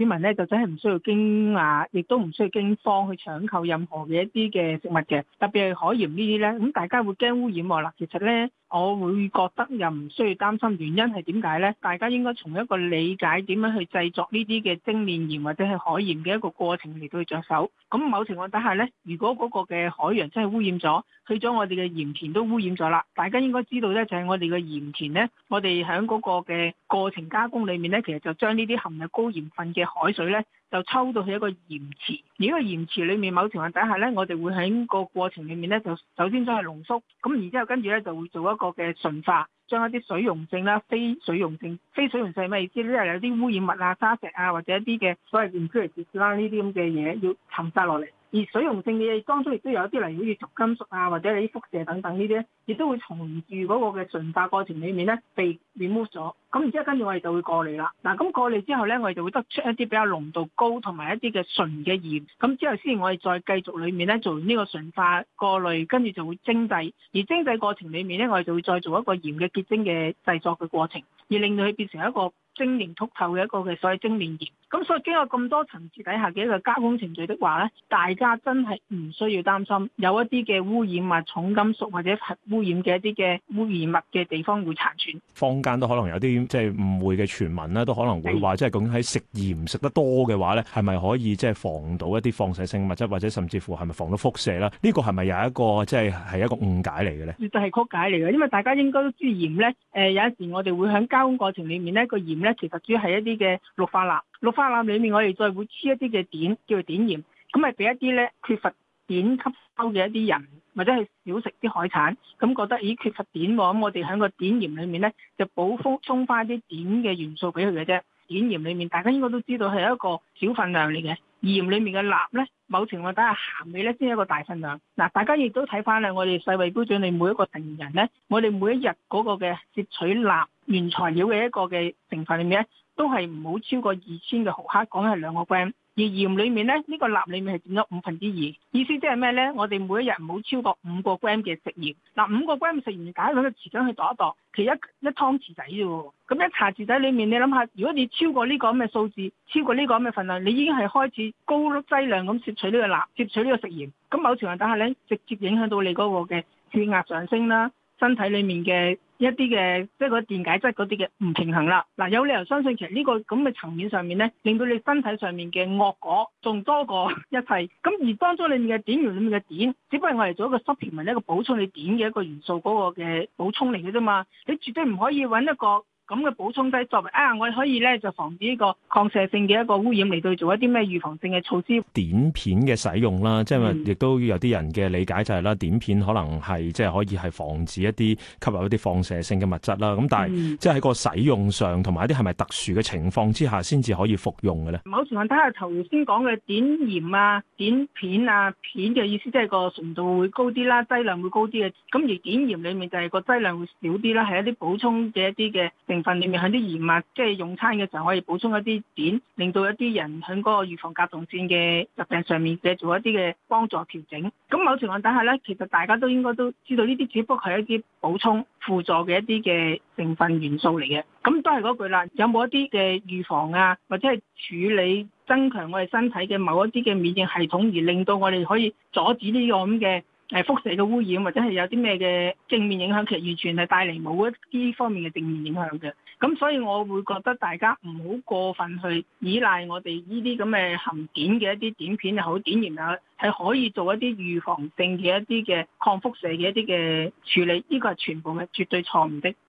市民咧就真係唔需要驚訝，亦都唔需要驚慌去搶購任何嘅一啲嘅食物嘅，特別係海鹽呢啲咧。咁大家會驚污染喎啦。其實咧，我會覺得又唔需要擔心，原因係點解咧？大家應該從一個理解點樣去製作呢啲嘅精面鹽或者係海鹽嘅一個過程嚟到去着手。咁某情況底下咧，如果嗰個嘅海洋真係污染咗，去咗我哋嘅鹽田都污染咗啦。大家應該知道咧，就係我哋嘅鹽田咧，我哋喺嗰個嘅過程加工裡面咧，其實就將呢啲含有高鹽分嘅海水咧就抽到去一個鹽池，而喺個鹽池裏面某情況底下咧，我哋會喺個過程裏面咧就首先將佢濃縮，咁然之後跟住咧就會做一個嘅純化，將一啲水溶性啦、非水溶性、非水溶性係咩意思？呢又有啲污染物啊、沙石啊或者一啲嘅所謂鹽酸啊呢啲咁嘅嘢要沉晒落嚟。而水溶性嘅嘢，當中亦都有一啲，例如好似重金屬啊，或者你啲輻射等等呢啲咧，亦都會從住嗰個嘅純化過程裡面咧被 remove 咗。咁然之後跟住我哋就會過濾啦。嗱，咁過濾之後咧，我哋就會得出一啲比較濃度高同埋一啲嘅純嘅鹽。咁之後先我哋再繼續裡面咧做呢個純化過濾，跟住就會精製。而精製過程裡面咧，我哋就會再做一個鹽嘅結晶嘅製作嘅過程，而令到佢變成一個。精煉脱臭嘅一個嘅所謂精煉鹽。咁所以經過咁多層次底下嘅一個加工程序的話咧，大家真係唔需要擔心，有一啲嘅污染物、重金屬或者核污染嘅一啲嘅污染物嘅地方會殘存。坊間都可能有啲即係誤會嘅傳聞啦，都可能會話的即係究竟喺食鹽食得多嘅話咧，係咪可以即係、就是、防到一啲放射性物質，或者甚至乎係咪防到輻射啦？呢、這個係咪有一個即係係一個誤解嚟嘅咧？絕對係曲解嚟嘅，因為大家應該都知鹽咧，誒有一時我哋會喺加工過程裡面呢個鹽。咧，其實主要係一啲嘅氯化鈉，氯化鈉裡面我哋再會黐一啲嘅碘，叫做碘鹽，咁咪俾一啲咧缺乏碘吸收嘅一啲人，或者係少食啲海產，咁覺得咦缺乏碘喎，咁我哋喺個碘鹽裡面咧就補充充翻啲碘嘅元素俾佢嘅啫。碘鹽裡面大家應該都知道係一個小份量嚟嘅，鹽裡面嘅鈉咧，某情況底下鹹味咧先係一個大份量。嗱，大家亦都睇翻啦，我哋世衞標準你每一個成人咧，我哋每一日嗰個嘅攝取鈉。原材料嘅一個嘅成分裏面咧，都係唔好超過二千嘅毫克，講係兩個 gram。而鹽裏面咧，呢個鈉裡面係佔咗五分之二，意思即係咩咧？我哋每一日唔好超過五個 gram 嘅食鹽。嗱、呃，五個 gram 食鹽，大家攞個匙羹去度一度，其實一湯匙仔啫喎。咁一茶匙仔裏面，你諗下，如果你超過呢個咁嘅數字，超過呢個咁嘅份量，你已經係開始高劑量咁攝取呢個鈉，攝取呢個食鹽。咁某程度下，但咧，直接影響到你嗰個嘅血壓上升啦。身體裡面嘅一啲嘅即係個電解質嗰啲嘅唔平衡啦，嗱、啊、有理由相信其實呢、呢個咁嘅層面上面咧，令到你身體上面嘅惡果仲多過一切。咁而當中裡面嘅碘原裡面嘅碘，只不過係做一個 supplement 一個補充你碘嘅一個元素嗰個嘅補充嚟嘅啫嘛，你絕對唔可以揾一個，咁嘅補充劑作為啊，我哋可以咧就防止呢個放射性嘅一個污染嚟到做一啲咩預防性嘅措施。碘片嘅使用啦，即係亦都有啲人嘅理解就係、是、啦，碘、嗯、片可能係即係可以係防止一啲吸入一啲放射性嘅物質啦。咁但係、嗯、即係喺個使用上同埋一啲係咪特殊嘅情況之下先至可以服用嘅咧？某情況睇下頭先講嘅碘鹽啊、碘片啊片嘅意思，即係個純度會高啲啦，劑量會高啲嘅。咁而碘鹽裡面就係個劑量會少啲啦，係一啲補充嘅一啲嘅。份裡面喺啲鹽，即係用餐嘅時候可以補充一啲碘，令到一啲人喺嗰個預防甲狀腺嘅疾病上面嘅做一啲嘅幫助調整。咁某情況底下咧，其實大家都應該都知道呢啲只不過係一啲補充輔助嘅一啲嘅成分元素嚟嘅。咁都係嗰句啦，有冇一啲嘅預防啊，或者係處理增強我哋身體嘅某一啲嘅免疫系統，而令到我哋可以阻止呢個咁嘅誒輻射嘅污染或者係有啲咩嘅正面影響，其實完全係帶嚟冇一啲方面嘅正面影響嘅。咁所以我會覺得大家唔好過分去依賴我哋呢啲咁嘅含碘嘅一啲碘片又好，碘鹽又好，係可以做一啲預防性嘅一啲嘅抗輻射嘅一啲嘅處理。呢、這個係全部係絕對錯誤的。